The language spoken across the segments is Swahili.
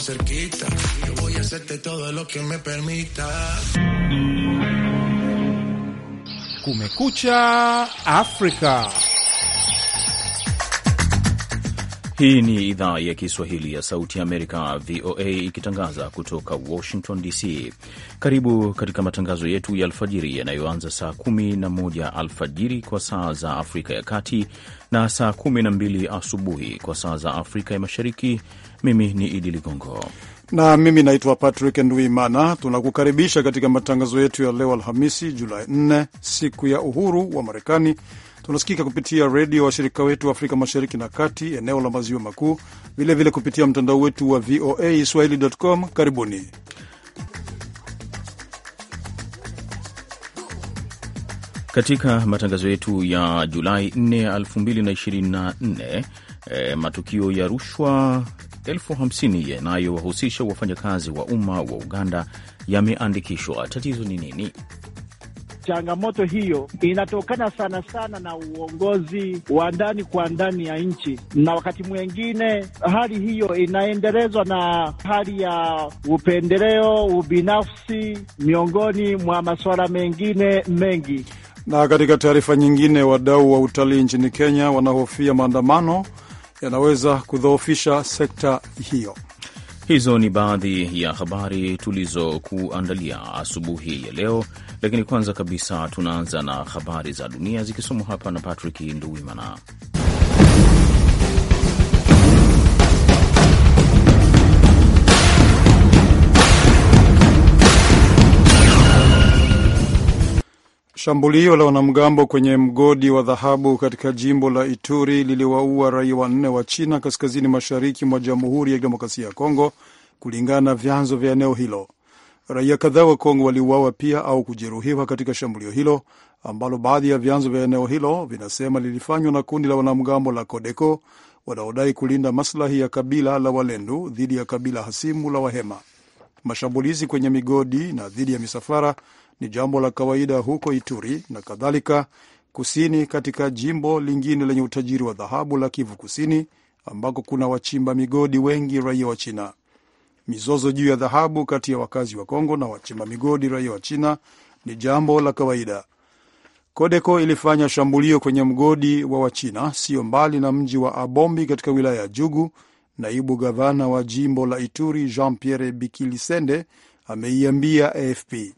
estamos cerquita. Yo voy a hacerte todo lo que me permita. Kumekucha Afrika. Hii ni idhaa ya Kiswahili ya Sauti ya Amerika, VOA, ikitangaza kutoka Washington DC. Karibu katika matangazo yetu ya alfajiri yanayoanza saa 11 alfajiri kwa saa za Afrika ya Kati na saa 12 asubuhi kwa saa za Afrika ya Mashariki mimi ni Idi Ligongo na mimi naitwa Patrick Nduimana. Tunakukaribisha katika matangazo yetu ya leo Alhamisi, Julai 4, siku ya uhuru wa Marekani. Tunasikika kupitia redio washirika wetu wa Afrika Mashariki na Kati, eneo la maziwa makuu, vilevile kupitia mtandao wetu wa VOA swahili.com. Karibuni. Katika matangazo yetu ya Julai 4, 2024 e, matukio ya rushwa elfu hamsini yanayowahusisha wafanyakazi wa umma wa Uganda yameandikishwa. Tatizo ni nini? Changamoto hiyo inatokana sana sana na uongozi wa ndani kwa ndani ya nchi, na wakati mwingine hali hiyo inaendelezwa na hali ya upendeleo, ubinafsi, miongoni mwa masuala mengine mengi. Na katika taarifa nyingine, wadau wa utalii nchini Kenya wanahofia maandamano yanaweza kudhoofisha sekta hiyo. Hizo ni baadhi ya habari tulizokuandalia asubuhi ya leo, lakini kwanza kabisa tunaanza na habari za dunia zikisomwa hapa na Patrick Nduwimana. Shambulio la wanamgambo kwenye mgodi wa dhahabu katika jimbo la Ituri liliwaua raia wanne wa China kaskazini mashariki mwa Jamhuri ya Kidemokrasia ya Kongo, kulingana na vyanzo vya eneo hilo. Raia kadhaa wa Kongo waliuawa pia au kujeruhiwa katika shambulio hilo ambalo baadhi ya vyanzo vya eneo hilo vinasema lilifanywa na kundi la wanamgambo la Kodeko wanaodai kulinda maslahi ya kabila la Walendu dhidi ya kabila hasimu la Wahema. Mashambulizi kwenye migodi na dhidi ya misafara ni jambo la kawaida huko Ituri na kadhalika kusini katika jimbo lingine lenye utajiri wa dhahabu la Kivu Kusini ambako kuna wachimba migodi wengi raia wa China. Mizozo juu ya dhahabu kati ya wakazi wa Kongo na wachimba migodi raia wa China ni jambo la kawaida. Kodeko ilifanya shambulio kwenye mgodi wa Wachina sio mbali na mji wa Abombi katika wilaya ya Jugu. Naibu gavana wa jimbo la Ituri Jean Pierre Bikilisende ameiambia AFP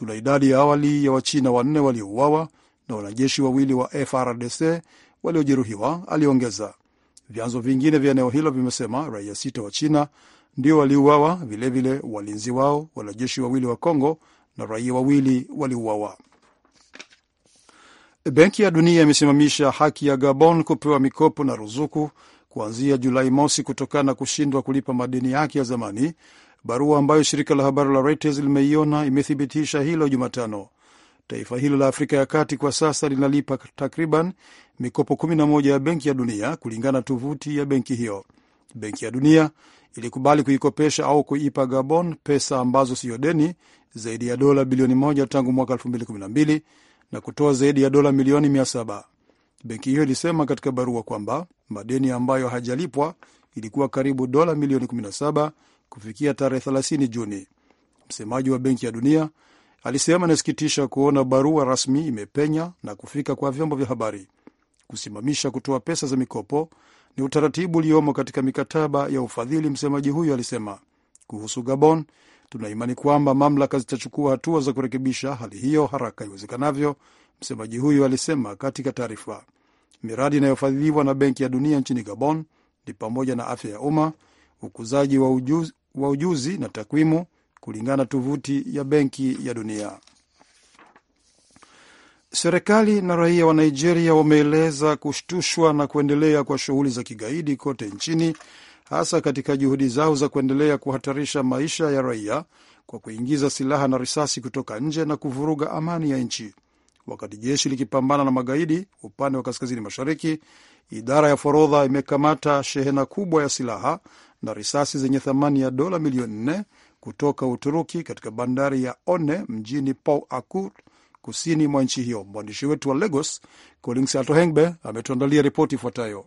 Tuna idadi ya awali ya Wachina wanne waliouawa na wanajeshi wawili wa FRDC waliojeruhiwa, aliongeza. Vyanzo vingine vya eneo hilo vimesema raia sita wa China ndio waliuawa, vilevile walinzi wao, wanajeshi wawili wa Kongo na raia wawili waliuawa. Benki ya Dunia imesimamisha haki ya Gabon kupewa mikopo na ruzuku kuanzia Julai mosi kutokana na kushindwa kulipa madeni yake ya zamani barua ambayo shirika la habari la Reuters limeiona imethibitisha hilo Jumatano. Taifa hilo la Afrika ya Kati kwa sasa linalipa takriban mikopo 11 ya Benki ya Dunia, kulingana na tovuti ya benki hiyo. Benki ya Dunia ilikubali kuikopesha au kuipa Gabon pesa ambazo siyo deni zaidi ya dola bilioni moja tangu mwaka 2012 na kutoa zaidi ya dola milioni 700. Benki hiyo ilisema katika barua kwamba madeni ambayo hajalipwa ilikuwa karibu dola milioni 17 kufikia tarehe 30 Juni. Msemaji wa Benki ya Dunia alisema inasikitisha kuona barua rasmi imepenya na kufika kwa vyombo vya habari. Kusimamisha kutoa pesa za mikopo ni utaratibu uliomo katika mikataba ya ufadhili, msemaji huyo alisema. Kuhusu Gabon, tuna imani kwamba mamlaka zitachukua hatua za kurekebisha hali hiyo haraka iwezekanavyo, msemaji huyo alisema katika taarifa. Miradi inayofadhiliwa na Benki ya Dunia nchini Gabon ni pamoja na afya ya umma, ukuzaji wa ujuzi, wa ujuzi na takwimu, kulingana na tovuti ya Benki ya Dunia. Serikali na raia wa Nigeria wameeleza kushtushwa na kuendelea kwa shughuli za kigaidi kote nchini, hasa katika juhudi zao za kuendelea kuhatarisha maisha ya raia kwa kuingiza silaha na risasi kutoka nje na kuvuruga amani ya nchi. Wakati jeshi likipambana na magaidi upande wa kaskazini mashariki, idara ya forodha imekamata shehena kubwa ya silaha na risasi zenye thamani ya dola milioni nne kutoka Uturuki katika bandari ya One mjini Pau Akur, kusini mwa nchi hiyo. Mwandishi wetu wa Lagos, Collins Atohengbe, ametuandalia ripoti ifuatayo.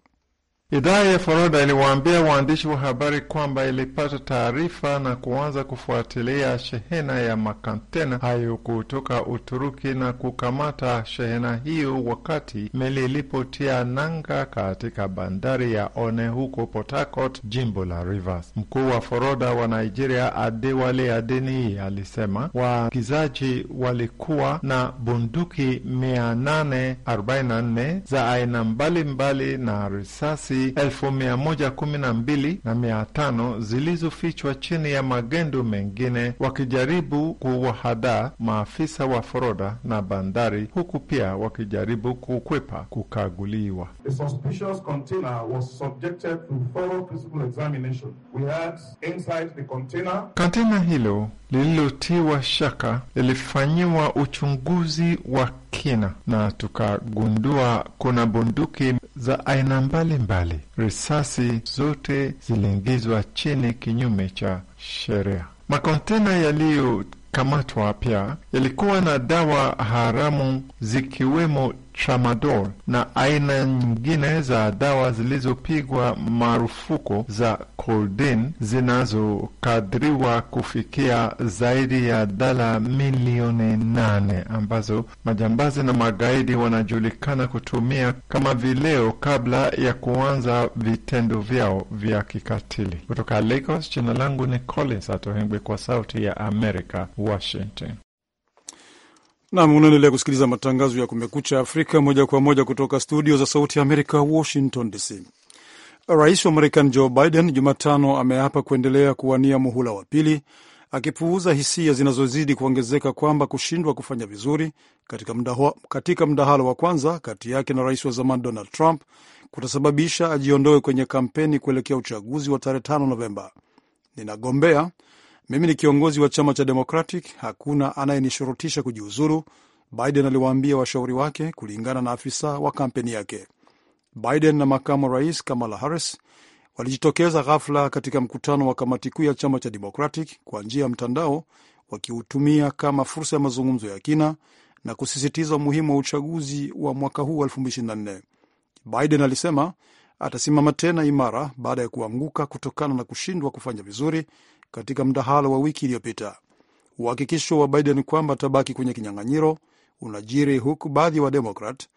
Idhaa ya Foroda iliwaambia waandishi wa habari kwamba ilipata taarifa na kuanza kufuatilia shehena ya makantena hayo kutoka Uturuki na kukamata shehena hiyo wakati meli ilipotia nanga katika bandari ya One huko Port Harcourt, jimbo la Rivers. Mkuu wa Foroda wa Nigeria, Adewale Adeniyi, alisema waagizaji walikuwa na bunduki 844 za aina mbalimbali na risasi hizi elfu mia moja kumi na mbili na mia tano zilizofichwa chini ya magendo mengine, wakijaribu kuwahadaa maafisa wa forodha na bandari, huku pia wakijaribu kukwepa kukaguliwa. Kontena hilo lililotiwa shaka lilifanyiwa uchunguzi wa kina na tukagundua kuna bunduki za aina mbalimbali. Risasi zote ziliingizwa chini kinyume cha sheria. Makontena yaliyokamatwa pia yalikuwa na dawa haramu zikiwemo tramadol na aina nyingine za dawa zilizopigwa marufuku za coldin zinazokadiriwa kufikia zaidi ya dola milioni nane ambazo majambazi na magaidi wanajulikana kutumia kama vileo kabla ya kuanza vitendo vyao vya kikatili. Kutoka Lagos, jina langu ni Collins Atohengwe, kwa Sauti ya Amerika, Washington. Nam, unaendelea kusikiliza matangazo ya Kumekucha Afrika moja kwa moja kutoka studio za Sauti ya Amerika, Washington DC. Rais wa Marekani Joe Biden Jumatano ameapa kuendelea kuwania muhula wa pili, akipuuza hisia zinazozidi kuongezeka kwamba kushindwa kufanya vizuri katika, mdaho, katika mdahalo wa kwanza kati yake na rais wa zamani Donald Trump kutasababisha ajiondoe kwenye kampeni kuelekea uchaguzi wa tarehe 5 Novemba. Ninagombea mimi ni kiongozi wa chama cha Democratic, hakuna anayenishurutisha kujiuzuru, Biden aliwaambia washauri wake, kulingana na afisa wa kampeni yake. Biden na makamu wa rais Kamala Harris walijitokeza ghafla katika mkutano wa kamati kuu ya chama cha Democratic kwa njia ya mtandao, wakiutumia kama fursa ya mazungumzo ya kina na kusisitiza umuhimu wa uchaguzi wa mwaka huu wa 2024. Biden alisema atasimama tena imara baada ya kuanguka kutokana na kushindwa kufanya vizuri katika mdahalo wa wiki iliyopita. Uhakikisho wa Biden kwamba atabaki kwenye kinyang'anyiro unajiri huku baadhi ya Wademokrat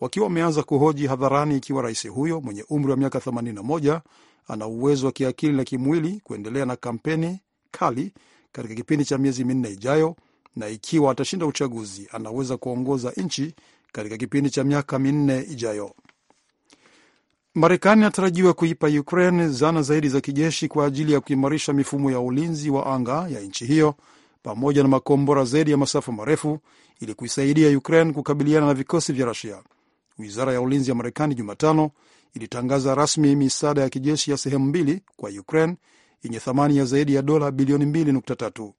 wakiwa wameanza kuhoji hadharani ikiwa rais huyo mwenye umri wa miaka 81 ana uwezo wa kiakili na kimwili kuendelea na kampeni kali katika kipindi cha miezi minne ijayo, na ikiwa atashinda uchaguzi anaweza kuongoza nchi katika kipindi cha miaka minne ijayo. Marekani inatarajiwa kuipa Ukraine zana zaidi za kijeshi kwa ajili ya kuimarisha mifumo ya ulinzi wa anga ya nchi hiyo pamoja na makombora zaidi ya masafa marefu ili kuisaidia Ukraine kukabiliana na vikosi vya Rusia. Wizara ya ulinzi ya Marekani Jumatano ilitangaza rasmi misaada ya kijeshi ya sehemu mbili kwa Ukraine yenye thamani ya zaidi ya dola bilioni 2.3.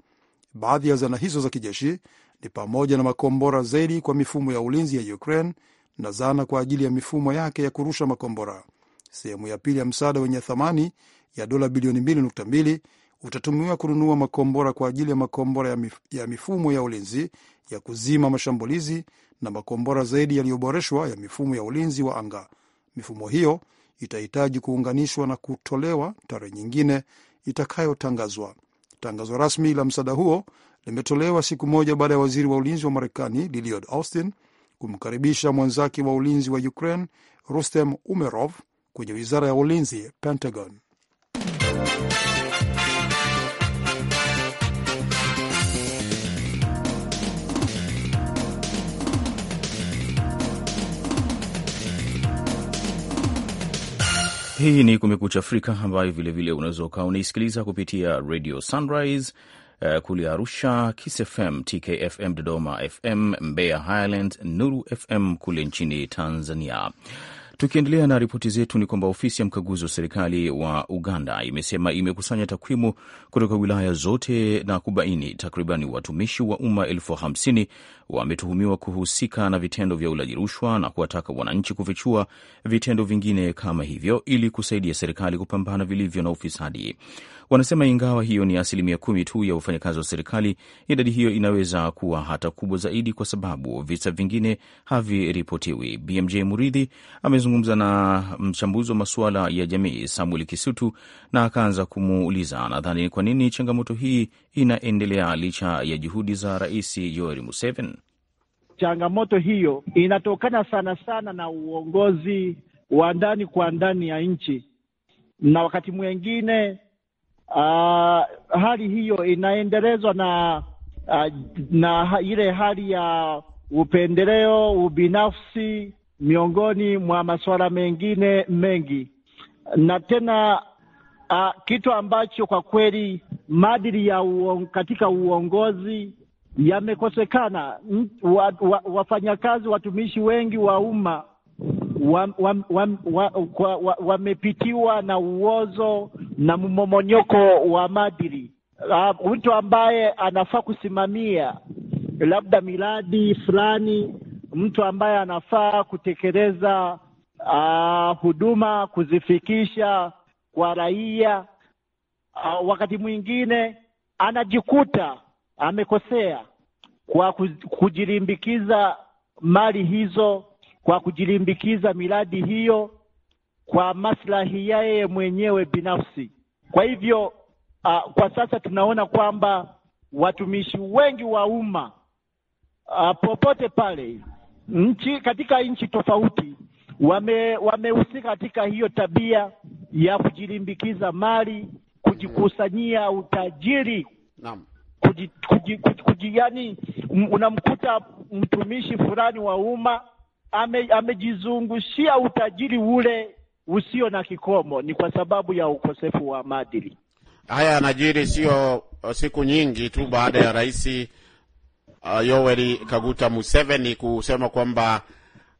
Baadhi ya zana hizo za kijeshi ni pamoja na makombora zaidi kwa mifumo ya ulinzi ya Ukraine na zana kwa ajili ya mifumo yake ya kurusha makombora. Sehemu ya pili ya msaada wenye thamani ya dola bilioni 2.2 utatumiwa kununua makombora kwa ajili ya makombora ya mifumo ya ulinzi ya kuzima mashambulizi na makombora zaidi yaliyoboreshwa ya mifumo ya ulinzi wa anga. Mifumo hiyo itahitaji kuunganishwa na kutolewa tarehe nyingine itakayotangazwa. Tangazo rasmi la msaada huo limetolewa siku moja baada ya waziri wa ulinzi wa Marekani Lloyd Austin kumkaribisha mwenzake wa ulinzi wa Ukraine Rustem Umerov kwenye wizara ya ulinzi Pentagon. Hii ni Kumekucha Afrika ambayo vilevile unaweza ukawa unaisikiliza kupitia Radio Sunrise Eh, kule Arusha, Kiss FM, TKFM Dodoma, FM Mbeya Highland, Nuru FM kule nchini Tanzania. Tukiendelea na ripoti zetu ni kwamba ofisi ya mkaguzi wa serikali wa Uganda imesema imekusanya takwimu kutoka wilaya zote na kubaini takriban watumishi wa umma elfu hamsini wametuhumiwa kuhusika na vitendo vya ulaji rushwa na kuwataka wananchi kufichua vitendo vingine kama hivyo ili kusaidia serikali kupambana vilivyo na ufisadi. Wanasema ingawa hiyo ni asilimia kumi tu ya wafanyakazi wa serikali, idadi hiyo inaweza kuwa hata kubwa zaidi, kwa sababu visa vingine haviripotiwi. BMJ Muridhi amezungumza na mchambuzi wa masuala ya jamii Samuel Kisutu na akaanza kumuuliza nadhani ni kwa nini changamoto hii inaendelea licha ya juhudi za Rais Yoweri Museveni. Changamoto hiyo inatokana sana sana na uongozi wa ndani kwa ndani ya nchi, na wakati mwingine uh, hali hiyo inaendelezwa na uh, na ile hali ya upendeleo, ubinafsi, miongoni mwa masuala mengine mengi, na tena uh, kitu ambacho kwa kweli maadili ya uon, katika uongozi yamekosekana. Wafanyakazi, watumishi wengi wa umma wamepitiwa wa, wa, wa, wa na uozo na mmomonyoko wa maadili. Ah, mtu uh, ambaye anafaa kusimamia labda miradi fulani, mtu ambaye anafaa kutekeleza uh, huduma kuzifikisha kwa raia uh, wakati mwingine anajikuta amekosea kwa kujilimbikiza mali hizo kwa kujilimbikiza miradi hiyo kwa maslahi yeye mwenyewe binafsi. Kwa hivyo uh, kwa sasa tunaona kwamba watumishi wengi wa umma uh, popote pale nchi katika nchi tofauti wamehusika wame katika hiyo tabia ya kujilimbikiza mali, kujikusanyia utajiri naam. Kuji, kuji, kuji, kuji, yani, unamkuta mtumishi fulani wa umma ame, amejizungushia utajiri ule usio na kikomo, ni kwa sababu ya ukosefu wa maadili. Haya yanajiri sio uh, siku nyingi tu baada ya rais uh, Yoweri Kaguta Museveni kusema kwamba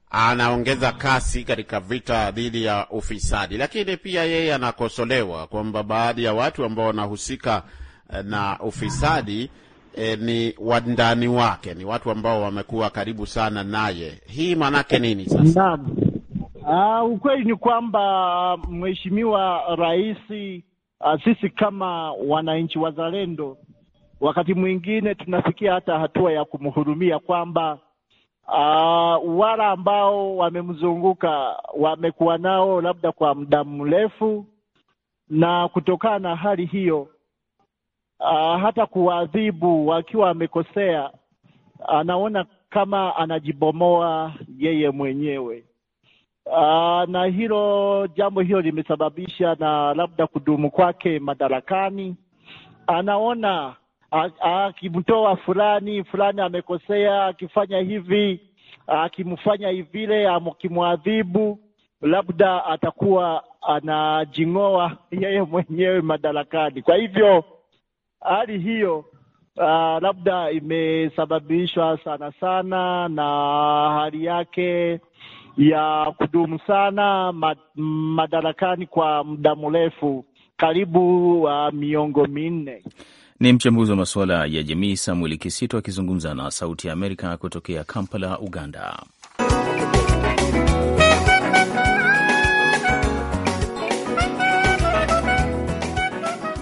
anaongeza kasi katika vita dhidi ya ufisadi, lakini pia yeye anakosolewa kwamba baadhi ya watu ambao wanahusika uh, na ufisadi e, ni wandani wake, ni watu ambao wamekuwa karibu sana naye. Hii maanake nini sasa? Naam. Uh, ukweli ni kwamba mheshimiwa rais, uh, sisi kama wananchi wazalendo wakati mwingine tunafikia hata hatua ya kumhurumia kwamba uh, wale ambao wamemzunguka wamekuwa nao labda kwa muda mrefu, na kutokana na hali hiyo uh, hata kuwaadhibu wakiwa amekosea, anaona kama anajibomoa yeye mwenyewe. Uh, na hilo jambo hilo limesababisha na labda kudumu kwake madarakani, anaona akimtoa fulani fulani amekosea, akifanya hivi, akimfanya hivile, akimwadhibu, labda atakuwa anajing'oa yeye mwenyewe madarakani. Kwa hivyo hali hiyo uh, labda imesababishwa sana sana na hali yake ya kudumu sana madarakani kwa muda mrefu karibu uh, miongo minne. Ni mchambuzi wa masuala ya jamii Samuel Kisito akizungumza na Sauti ya Amerika kutokea Kampala, Uganda.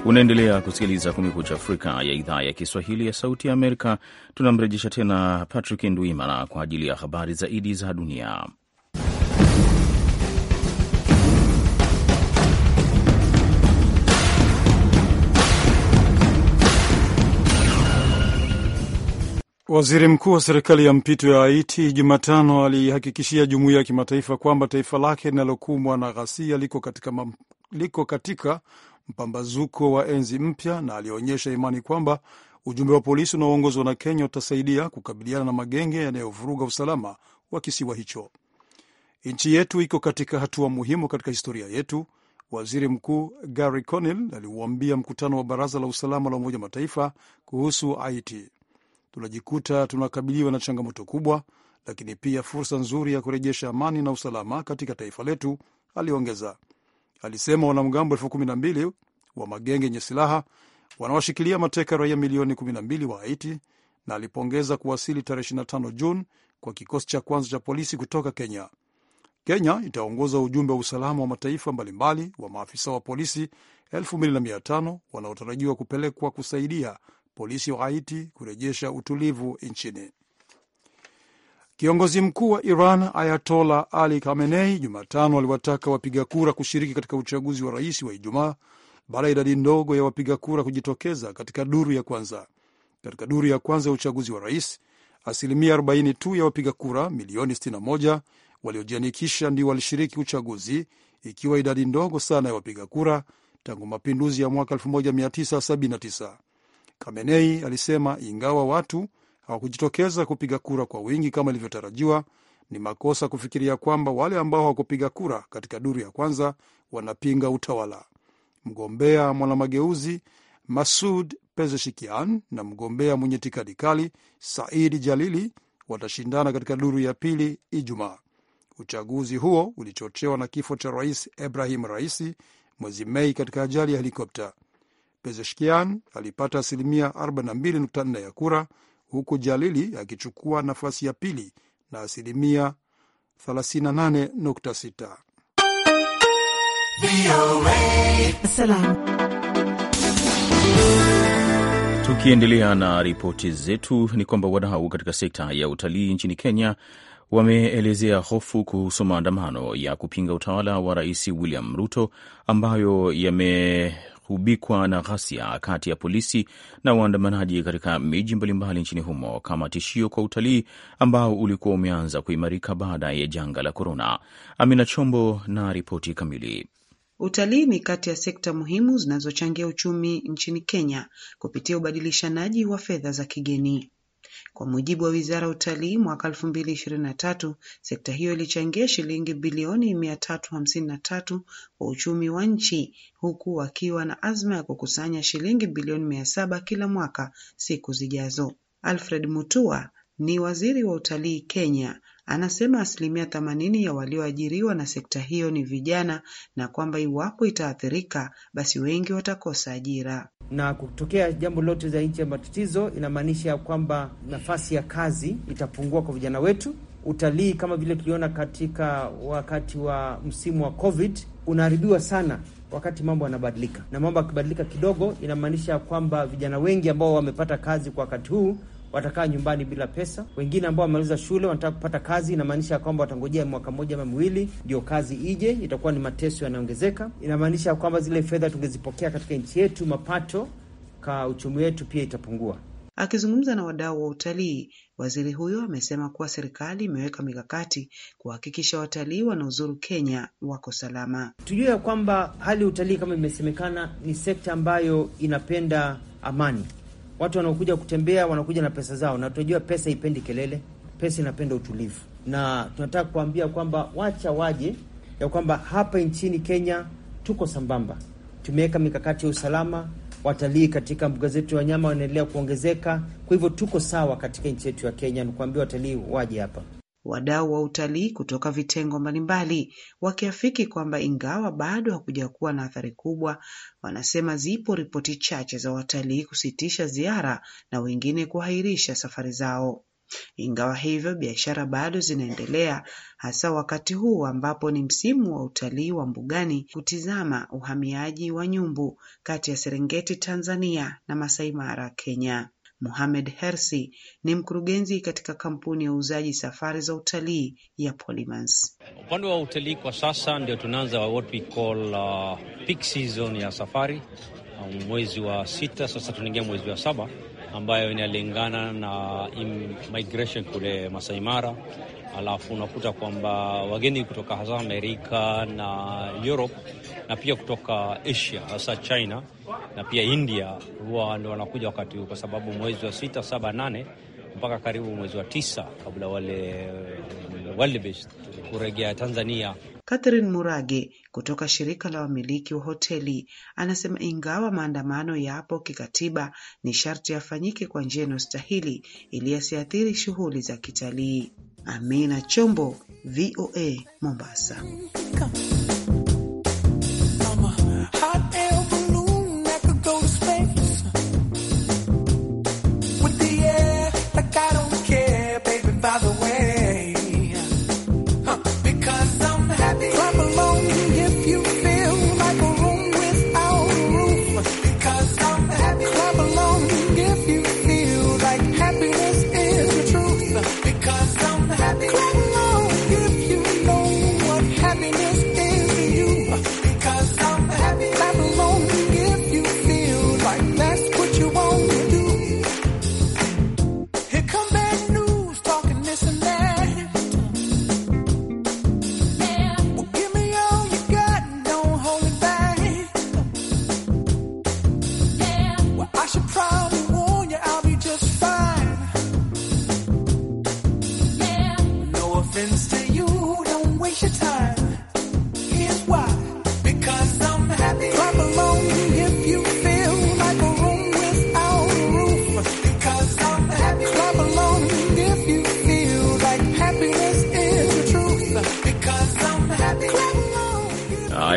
Unaendelea kusikiliza Kumekucha Afrika ya idhaa ya Kiswahili ya Sauti ya Amerika. Tunamrejesha tena Patrick nduimana kwa ajili ya habari zaidi za dunia. Waziri mkuu wa serikali ya mpito ya Haiti Jumatano alihakikishia jumuiya ya kimataifa kwamba taifa lake linalokumbwa na ghasia liko katika, liko katika mpambazuko wa enzi mpya na alionyesha imani kwamba ujumbe wa polisi unaoongozwa na Kenya utasaidia kukabiliana na magenge yanayovuruga usalama wa kisiwa hicho. Nchi yetu iko katika hatua muhimu katika historia yetu, waziri mkuu Gary Conil aliuambia mkutano wa baraza la usalama la Umoja Mataifa kuhusu Haiti. Tunajikuta tunakabiliwa na changamoto kubwa, lakini pia fursa nzuri ya kurejesha amani na usalama katika taifa letu, aliongeza alisema wanamgambo elfu kumi na mbili wa magenge yenye silaha wanawashikilia mateka raia milioni 12 wa Haiti na alipongeza kuwasili tarehe 25 Juni kwa kikosi cha kwanza cha polisi kutoka Kenya. Kenya itaongoza ujumbe wa usalama wa mataifa mbalimbali wa maafisa wa polisi 2500 wanaotarajiwa kupelekwa kusaidia polisi wa Haiti kurejesha utulivu nchini. Kiongozi mkuu wa Iran Ayatola Ali Khamenei Jumatano aliwataka wapiga kura kushiriki katika uchaguzi wa rais wa Ijumaa baada ya idadi ndogo ya wapiga kura kujitokeza katika duru ya kwanza. Katika duru ya kwanza ya uchaguzi wa rais, asilimia 40 tu ya wapiga kura milioni 61 waliojiandikisha ndio walishiriki uchaguzi, ikiwa idadi ndogo sana ya wapiga kura tangu mapinduzi ya mwaka 1979. Khamenei alisema ingawa watu hawakujitokeza kupiga kura kwa wingi kama ilivyotarajiwa, ni makosa kufikiria kwamba wale ambao hawakupiga kura katika duru ya kwanza wanapinga utawala. Mgombea mwanamageuzi Masud Pezeshikian na mgombea mwenye itikadi kali Saidi Jalili watashindana katika duru ya pili Ijumaa. Uchaguzi huo ulichochewa na kifo cha rais Ibrahim Raisi mwezi Mei katika ajali ya helikopta. Pezeshkian alipata asilimia 42.4 ya kura huku Jalili akichukua nafasi ya pili na asilimia 38.6. Tukiendelea na ripoti zetu ni kwamba wadau katika sekta ya utalii nchini Kenya wameelezea hofu kuhusu maandamano ya kupinga utawala wa Rais William Ruto ambayo yame hubikwa na ghasia kati ya polisi na waandamanaji katika miji mbalimbali nchini humo kama tishio kwa utalii ambao ulikuwa umeanza kuimarika baada ya janga la korona. Amina Chombo na ripoti kamili. Utalii ni kati ya sekta muhimu zinazochangia uchumi nchini Kenya kupitia ubadilishanaji wa fedha za kigeni. Kwa mujibu wa Wizara ya Utalii mwaka elfu mbili ishirini na tatu sekta hiyo ilichangia shilingi bilioni mia tatu hamsini na tatu kwa uchumi wa nchi huku wakiwa na azma ya kukusanya shilingi bilioni mia saba kila mwaka siku zijazo. Alfred Mutua ni Waziri wa Utalii Kenya Anasema asilimia themanini ya walioajiriwa na sekta hiyo ni vijana na kwamba iwapo itaathirika basi wengi watakosa ajira. Na kutokea jambo lote za nchi ya matatizo, inamaanisha ya kwamba nafasi ya kazi itapungua kwa vijana wetu. Utalii kama vile tuliona katika wakati wa msimu wa COVID unaharibiwa sana wakati mambo yanabadilika, na mambo yakibadilika kidogo, inamaanisha ya kwamba vijana wengi ambao wamepata kazi kwa wakati huu watakaa nyumbani bila pesa. Wengine ambao wamemaliza shule wanataka kupata kazi, inamaanisha ya kwamba watangojea mwaka mmoja ama miwili ndio kazi ije, itakuwa ni mateso yanaongezeka. Inamaanisha ya kwamba zile fedha tungezipokea katika nchi yetu, mapato ka uchumi wetu pia itapungua. Akizungumza na wadau wa utalii, waziri huyo amesema kuwa serikali imeweka mikakati kuhakikisha watalii wanaozuru Kenya wako salama. Tujue ya kwamba hali ya utalii kama imesemekana, ni sekta ambayo inapenda amani. Watu wanaokuja kutembea wanakuja na pesa zao, na tunajua pesa ipendi kelele, pesa inapenda utulivu, na tunataka kuambia kwamba wacha waje, ya kwamba hapa nchini Kenya tuko sambamba, tumeweka mikakati ya usalama watalii katika mbuga zetu ya wanyama wanaendelea kuongezeka. Kwa hivyo tuko sawa katika nchi yetu ya Kenya. Nikuambia watalii waje hapa wadau wa utalii kutoka vitengo mbalimbali wakiafiki kwamba ingawa bado hakuja kuwa na athari kubwa, wanasema zipo ripoti chache za watalii kusitisha ziara na wengine kuahirisha safari zao. Ingawa hivyo, biashara bado zinaendelea, hasa wakati huu ambapo ni msimu wa utalii wa mbugani kutizama uhamiaji wa nyumbu kati ya Serengeti Tanzania na Masai Mara Kenya. Mohamed Hersi ni mkurugenzi katika kampuni ya uuzaji safari za utalii ya Polymans. Upande wa utalii kwa sasa ndio tunaanza what we call uh, peak season ya safari um, mwezi wa sita, sasa tunaingia mwezi wa saba ambayo inalingana na migration kule Masai Mara, alafu unakuta kwamba wageni kutoka hasa Amerika na Europe na pia kutoka Asia hasa China na pia India huwa ndo wanakuja wakati huu, kwa sababu mwezi wa sita, saba, nane mpaka karibu mwezi wa tisa kabla wale wildebeest Tanzania. Catherine Murage kutoka shirika la wamiliki wa hoteli anasema ingawa maandamano yapo kikatiba, ni sharti yafanyike kwa njia inayostahili ili yasiathiri shughuli za kitalii. Amina Chombo, VOA, Mombasa.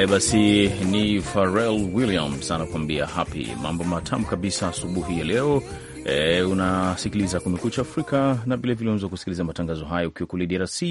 Haya basi, ni Pharrell Williams anakuambia happy. Mambo matamu kabisa asubuhi ya leo. E, unasikiliza Kumekucha Afrika na vilevile unaweza kusikiliza matangazo haya ukiwa kule DRC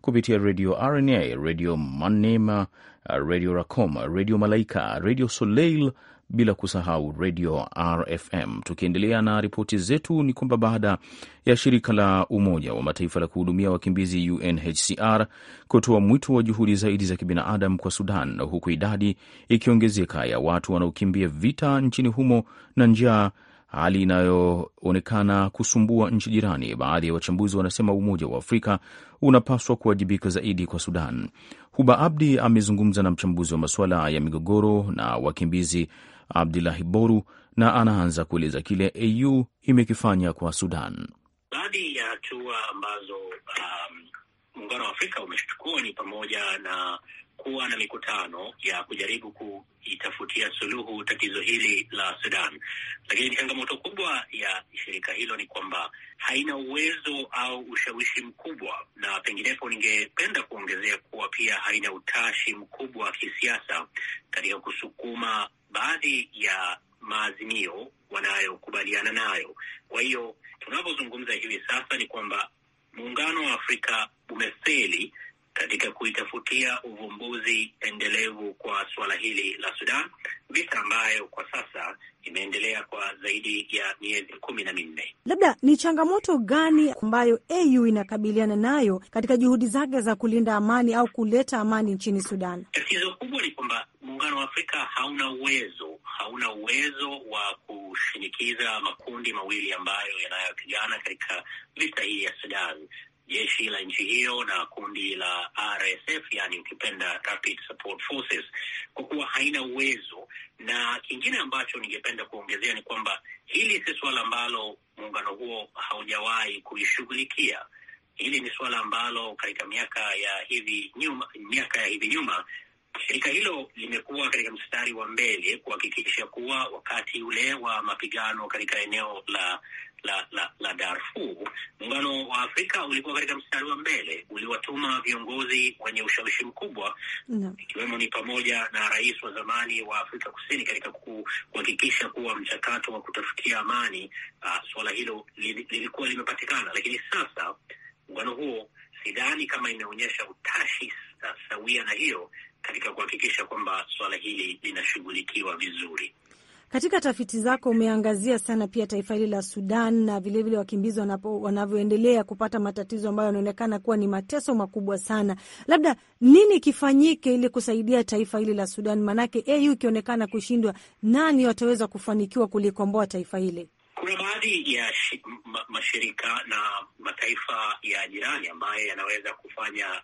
kupitia radio RNA, radio Manema, radio Racoma, redio Malaika, radio Soleil bila kusahau redio RFM. Tukiendelea na ripoti zetu, ni kwamba baada ya shirika la Umoja wa Mataifa la kuhudumia wakimbizi UNHCR kutoa mwito wa juhudi zaidi za kibinadamu kwa Sudan, huku idadi ikiongezeka ya watu wanaokimbia vita nchini humo na njaa hali inayoonekana kusumbua nchi jirani. Baadhi ya wachambuzi wanasema Umoja wa Afrika unapaswa kuwajibika zaidi kwa Sudan. Huba Abdi amezungumza na mchambuzi wa masuala ya migogoro na wakimbizi Abdulahi Boru, na anaanza kueleza kile AU imekifanya kwa Sudan. Baadhi ya hatua ambazo um, muungano um, wa Afrika umeshtukua ni pamoja na kuwa na mikutano ya kujaribu kuitafutia suluhu tatizo hili la Sudan, lakini changamoto kubwa ya shirika hilo ni kwamba haina uwezo au ushawishi mkubwa, na penginepo, ningependa kuongezea kuwa pia haina utashi mkubwa wa kisiasa katika kusukuma baadhi ya maazimio wanayokubaliana nayo. Kwa hiyo tunavyozungumza hivi sasa ni kwamba muungano wa Afrika umefeli katika kuitafutia uvumbuzi endelevu kwa suala hili la Sudan, vita ambayo kwa sasa imeendelea kwa zaidi ya miezi kumi na minne. Labda ni changamoto gani ambayo AU inakabiliana nayo katika juhudi zake za kulinda amani au kuleta amani nchini Sudan? Tatizo kubwa ni kwamba muungano wa Afrika hauna uwezo, hauna uwezo wa kushinikiza makundi mawili ambayo yanayopigana katika vita hii ya Sudan jeshi la nchi hiyo na kundi la RSF, yani ukipenda Rapid Support Forces, kwa kuwa haina uwezo. Na kingine ambacho ningependa kuongezea ni kwamba hili si suala ambalo muungano huo haujawahi kulishughulikia. Hili ni suala ambalo katika miaka ya hivi nyuma, miaka ya hivi nyuma shirika hilo limekuwa katika mstari wa mbele kuhakikisha kuwa wakati ule wa mapigano katika eneo la la, la, la Darfur, muungano wa Afrika ulikuwa katika mstari wa mbele, uliwatuma viongozi wenye ushawishi mkubwa no. ikiwemo ni pamoja na rais wa zamani wa Afrika Kusini katika kuhakikisha kuwa mchakato wa kutafutia amani uh, ah, suala hilo lilikuwa limepatikana, lakini sasa muungano huo sidhani kama imeonyesha utashi sawia na hiyo katika kuhakikisha kwamba suala hili linashughulikiwa vizuri. Katika tafiti zako umeangazia sana pia taifa hili la Sudan na vilevile wakimbizi wanavyoendelea kupata matatizo ambayo yanaonekana kuwa ni mateso makubwa sana. Labda nini kifanyike ili kusaidia taifa hili la Sudan? Maanake au ikionekana kushindwa, nani wataweza kufanikiwa kulikomboa taifa hili? kuna baadhi ya shi, ma, mashirika na mataifa ya jirani ambayo yanaweza kufanya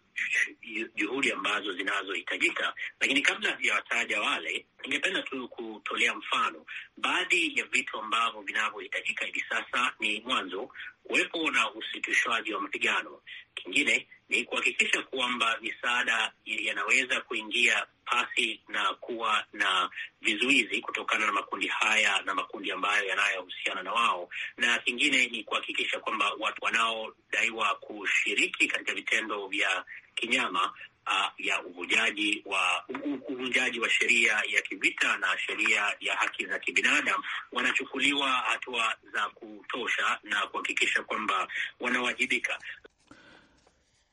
juhudi ambazo zinazohitajika, lakini kabla sijawataja wale, ningependa tu kutolea mfano baadhi ya vitu ambavyo vinavyohitajika hivi sasa. Ni mwanzo kuwepo na usitishwaji wa mapigano Kingine ni kuhakikisha kwamba misaada yanaweza kuingia pasi na kuwa na vizuizi kutokana na makundi haya na makundi ambayo yanayohusiana na wao, na kingine ni kuhakikisha kwamba watu wanaodaiwa kushiriki katika vitendo vya kinyama Uh, ya uvujaji wa uvunjaji wa sheria ya kivita na sheria ya haki za kibinadamu wanachukuliwa hatua za kutosha na kuhakikisha kwamba wanawajibika.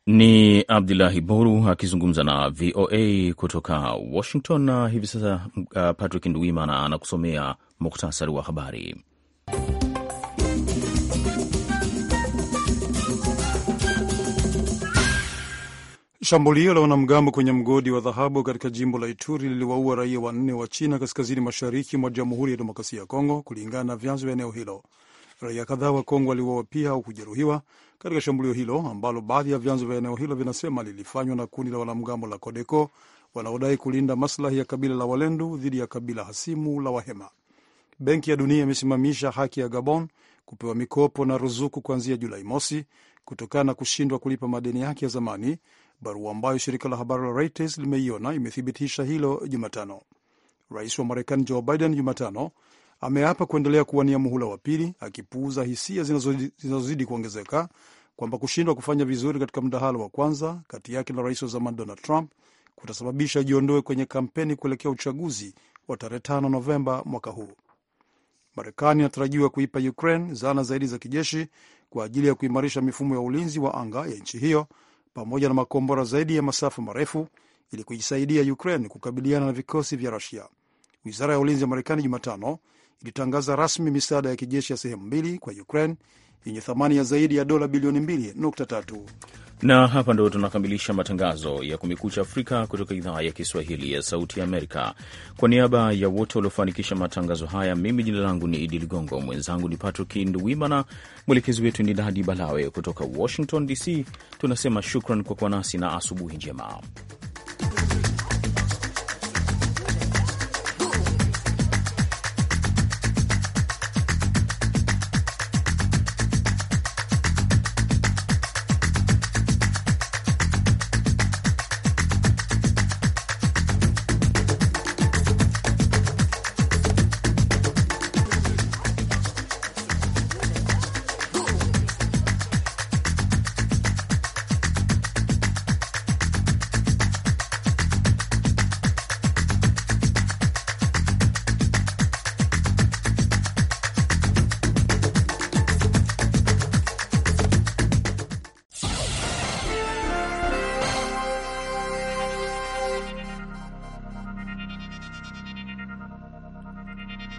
Ni Abdulahi Boru akizungumza na VOA kutoka Washington, na hivi sasa uh, Patrick nduimana anakusomea muktasari wa habari. Shambulio la wanamgambo kwenye mgodi wa dhahabu katika jimbo la Ituri liliwaua raia wanne wa China kaskazini mashariki mwa Jamhuri ya Demokrasia ya Kongo, kulingana na vyanzo vya eneo hilo. Raia kadhaa wa Kongo waliuawa pia au kujeruhiwa katika shambulio hilo ambalo baadhi ya vyanzo vya eneo hilo vinasema lilifanywa na kundi la wanamgambo la Kodeko wanaodai kulinda maslahi ya kabila la Walendu dhidi ya kabila hasimu la Wahema. Benki ya Dunia imesimamisha haki ya Gabon kupewa mikopo na ruzuku kuanzia Julai mosi kutokana na kushindwa kulipa madeni yake ya zamani, barua ambayo shirika la habari la Reuters limeiona imethibitisha hilo Jumatano. Rais wa Marekani Joe Biden Jumatano ameapa kuendelea kuwania muhula wa pili, akipuuza hisia zinazozidi kuongezeka kwamba kushindwa kufanya vizuri katika mdahalo wa kwanza kati yake na rais wa zamani Donald Trump kutasababisha ajiondoe kwenye kampeni kuelekea uchaguzi wa tarehe 5 Novemba mwaka huu. Marekani inatarajiwa kuipa Ukraine zana zaidi za kijeshi kwa ajili ya kuimarisha mifumo ya ulinzi wa anga ya nchi hiyo pamoja na makombora zaidi ya masafa marefu ili kuisaidia Ukraine kukabiliana na vikosi vya Rusia. Wizara ya ulinzi ya Marekani Jumatano ilitangaza rasmi misaada ya kijeshi ya sehemu mbili kwa Ukraine yenye thamani ya zaidi ya dola bilioni 2.3. Na hapa ndo tunakamilisha matangazo ya Kumekucha Afrika kutoka idhaa ya Kiswahili ya Sauti ya Amerika. Kwa niaba ya wote waliofanikisha matangazo haya, mimi jina langu ni Idi Ligongo, mwenzangu ni Patrick Nduwimana, mwelekezi wetu ni Dadi Balawe. Kutoka Washington DC tunasema shukran kwa kuwa nasi na asubuhi njema.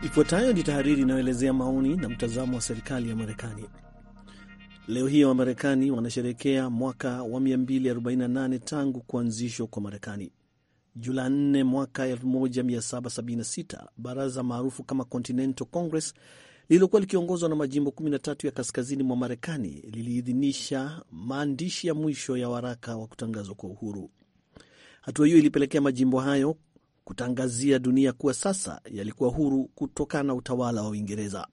Ifuatayo ni tahariri inayoelezea maoni na mtazamo wa serikali ya Marekani. Leo hii Wamarekani wanasherekea mwaka wa 248 tangu kuanzishwa kwa Marekani. Julai 4 mwaka 1776 baraza maarufu kama Continental Congress lililokuwa likiongozwa na majimbo 13 ya kaskazini mwa Marekani liliidhinisha maandishi ya mwisho ya waraka wa kutangazwa kwa uhuru. Hatua hiyo ilipelekea majimbo hayo kutangazia dunia kuwa sasa yalikuwa huru kutokana na utawala wa Uingereza.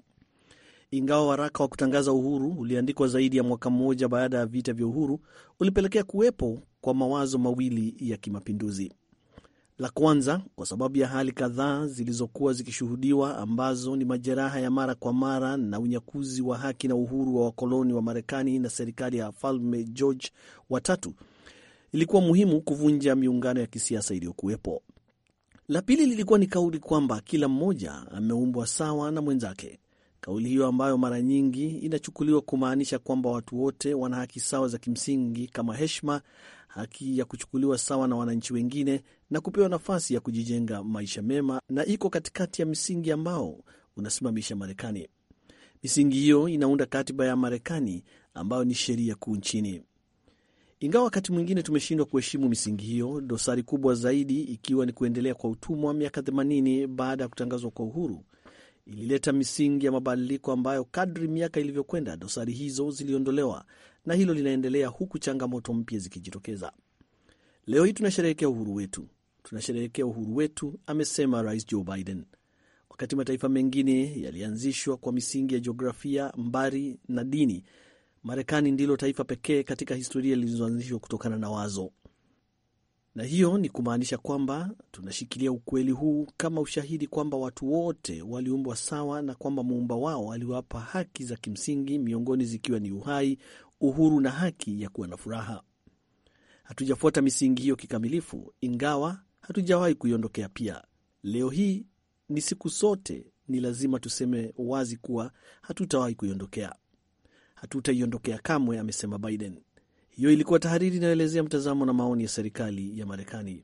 Ingawa waraka wa kutangaza uhuru uliandikwa zaidi ya mwaka mmoja baada ya vita vya uhuru, ulipelekea kuwepo kwa mawazo mawili ya kimapinduzi. La kwanza, kwa sababu ya hali kadhaa zilizokuwa zikishuhudiwa ambazo ni majeraha ya mara kwa mara na unyakuzi wa haki na uhuru wa wakoloni wa Marekani na serikali ya Falme George watatu, ilikuwa muhimu kuvunja miungano ya kisiasa iliyokuwepo. La pili lilikuwa ni kauli kwamba kila mmoja ameumbwa sawa na mwenzake. Kauli hiyo ambayo mara nyingi inachukuliwa kumaanisha kwamba watu wote wana haki sawa za kimsingi kama heshima, haki ya kuchukuliwa sawa na wananchi wengine na kupewa nafasi ya kujijenga maisha mema, na iko katikati ya misingi ambao unasimamisha Marekani. Misingi hiyo inaunda katiba ya Marekani ambayo ni sheria kuu nchini. Ingawa wakati mwingine tumeshindwa kuheshimu misingi hiyo, dosari kubwa zaidi ikiwa ni kuendelea kwa utumwa miaka 80 baada ya kutangazwa kwa uhuru ilileta misingi ya mabadiliko ambayo kadri miaka ilivyokwenda dosari hizo ziliondolewa, na hilo linaendelea huku changamoto mpya zikijitokeza. Leo hii tunasherehekea uhuru wetu, tunasherehekea uhuru wetu, amesema Rais Joe Biden. Wakati mataifa mengine yalianzishwa kwa misingi ya jiografia, mbari na dini, Marekani ndilo taifa pekee katika historia lilizoanzishwa kutokana na wazo, na hiyo ni kumaanisha kwamba tunashikilia ukweli huu kama ushahidi kwamba watu wote waliumbwa sawa na kwamba muumba wao aliwapa haki za kimsingi, miongoni zikiwa ni uhai, uhuru na haki ya kuwa na furaha. Hatujafuata misingi hiyo kikamilifu, ingawa hatujawahi kuiondokea pia. Leo hii ni siku sote, ni lazima tuseme wazi kuwa hatutawahi kuiondokea hatutaiondokea kamwe, amesema Biden. Hiyo ilikuwa tahariri inayoelezea mtazamo na maoni ya serikali ya Marekani.